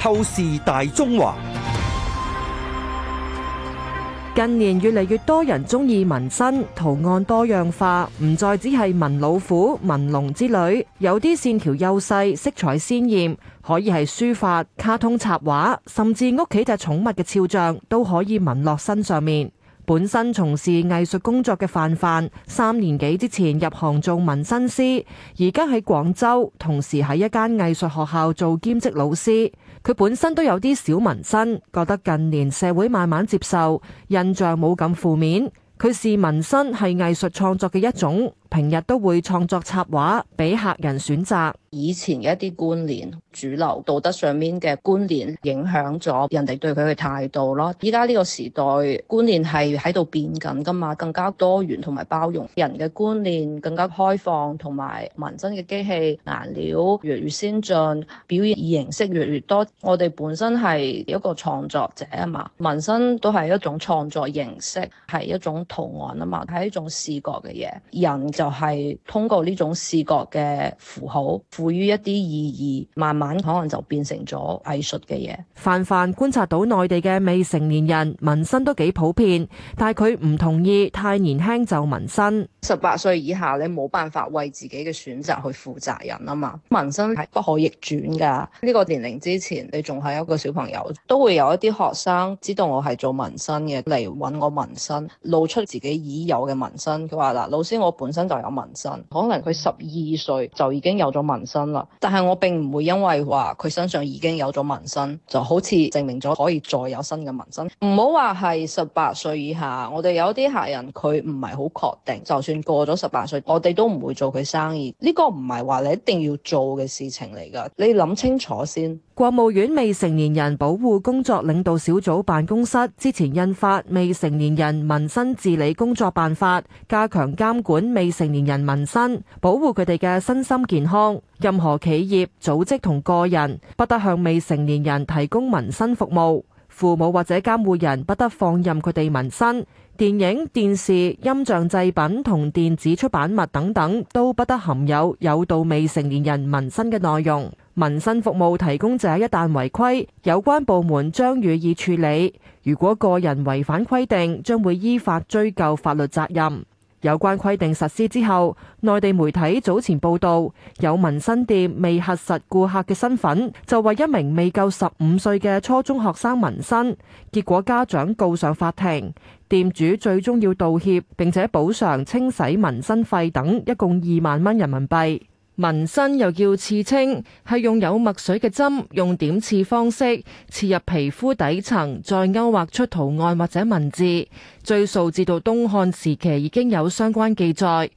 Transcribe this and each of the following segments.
透視大中華。近年越嚟越多人中意紋身，圖案多樣化，唔再只係紋老虎、紋龍之類，有啲綫條幼細、色彩鮮艷，可以係書法、卡通插畫，甚至屋企隻寵物嘅肖像都可以紋落身上面。本身從事藝術工作嘅范范，三年幾之前入行做紋身師，而家喺廣州，同時喺一間藝術學校做兼職老師。佢本身都有啲小紋身，覺得近年社會慢慢接受，印象冇咁負面。佢視紋身係藝術創作嘅一種。平日都會創作插畫俾客人選擇。以前嘅一啲觀念、主流道德上面嘅觀念，影響咗人哋對佢嘅態度咯。依家呢個時代觀念係喺度變緊㗎嘛，更加多元同埋包容，人嘅觀念更加開放，同埋紋身嘅機器顏料越嚟越先進，表現形式越嚟越多。我哋本身係一個創作者啊嘛，紋身都係一種創作形式，係一種圖案啊嘛，係一種視覺嘅嘢，人，就係通過呢種視覺嘅符號賦予一啲意義，慢慢可能就變成咗藝術嘅嘢。范范觀察到內地嘅未成年人紋身都幾普遍，但係佢唔同意太年輕就紋身。十八歲以下你冇辦法為自己嘅選擇去負責任啊嘛！紋身係不可逆轉㗎，呢個年齡之前你仲係一個小朋友，都會有一啲學生知道我係做紋身嘅嚟揾我紋身，露出自己已有嘅紋身。佢話嗱，老師我本身就有紋身，可能佢十二歲就已經有咗紋身啦，但係我並唔會因為話佢身上已經有咗紋身，就好似證明咗可以再有新嘅紋身。唔好話係十八歲以下，我哋有啲客人佢唔係好確定，就算。過咗十八歲，我哋都唔會做佢生意。呢個唔係話你一定要做嘅事情嚟㗎，你諗清楚先。國務院未成年人保護工作領導小組辦公室之前印發《未成年人紋身治理工作辦法》，加強監管未成年人紋身，保護佢哋嘅身心健康。任何企業、組織同個人不得向未成年人提供紋身服務，父母或者監護人不得放任佢哋紋身。電影、電視、音像製品同電子出版物等等，都不得含有誘導未成年人紋身嘅內容。紋身服務提供者一旦違規，有關部門將予以處理；如果個人違反規定，將會依法追究法律責任。有關規定實施之後，內地媒體早前報道，有紋身店未核實顧客嘅身份，就為一名未夠十五歲嘅初中學生紋身，結果家長告上法庭，店主最終要道歉，並且補償清洗紋身費等，一共二萬蚊人民幣。紋身又叫刺青，係用有墨水嘅針，用點刺方式刺入皮膚底層，再勾畫出圖案或者文字。追溯至到東漢時期已經有相關記載。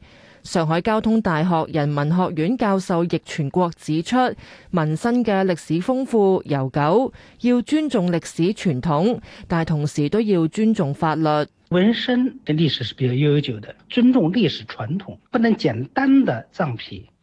上海交通大學人文學院教授易全國指出，紋身嘅歷史豐富悠久，要尊重歷史傳統，但同時都要尊重法律。紋身嘅歷史是比較悠久的，尊重歷史傳統，不能簡單地藏皮。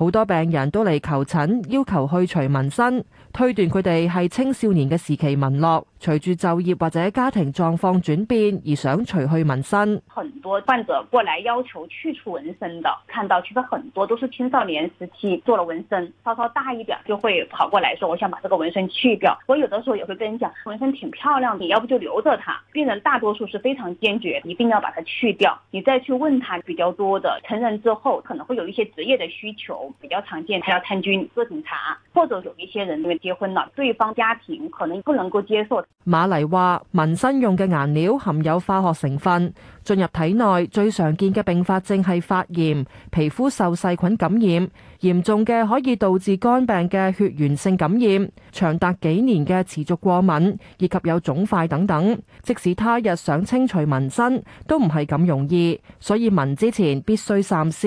好多病人都嚟求診，要求去除紋身，推斷佢哋係青少年嘅時期紋落，隨住就業或者家庭狀況轉變而想除去紋身。很多患者過來要求去除紋身的，看到其實很多都是青少年時期做了紋身，稍稍大一點就會跑過來說我想把這個紋身去掉。我有的時候也會跟人講紋身挺漂亮的，你要不就留著它。病人大多數是非常堅決，一定要把它去掉。你再去問他，比較多的成人之後可能會有一些職業的需求。比較常見，他要參軍、做警察，或者有一些人因為結婚了，對方家庭可能不能夠接受。馬黎話：紋身用嘅顏料含有化學成分，進入體內最常見嘅併發症係發炎、皮膚受細菌感染，嚴重嘅可以導致肝病嘅血源性感染，長達幾年嘅持續過敏，以及有腫塊等等。即使他日想清除紋身，都唔係咁容易，所以紋之前必須三思。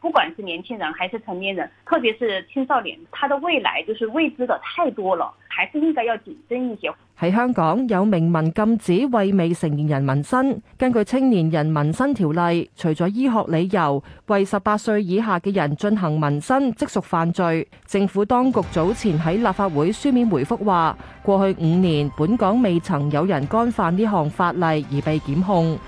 不管是年輕人還是成年人，特別是青少年，他的未來就是未知的太多了，還是應該要謹慎一些。喺香港有明文禁止為未成年人紋身。根據《青年人紋身條例》，除咗醫學理由，為十八歲以下嘅人進行紋身即屬犯罪。政府當局早前喺立法會書面回覆話，過去五年本港未曾有人干犯呢項法例而被檢控。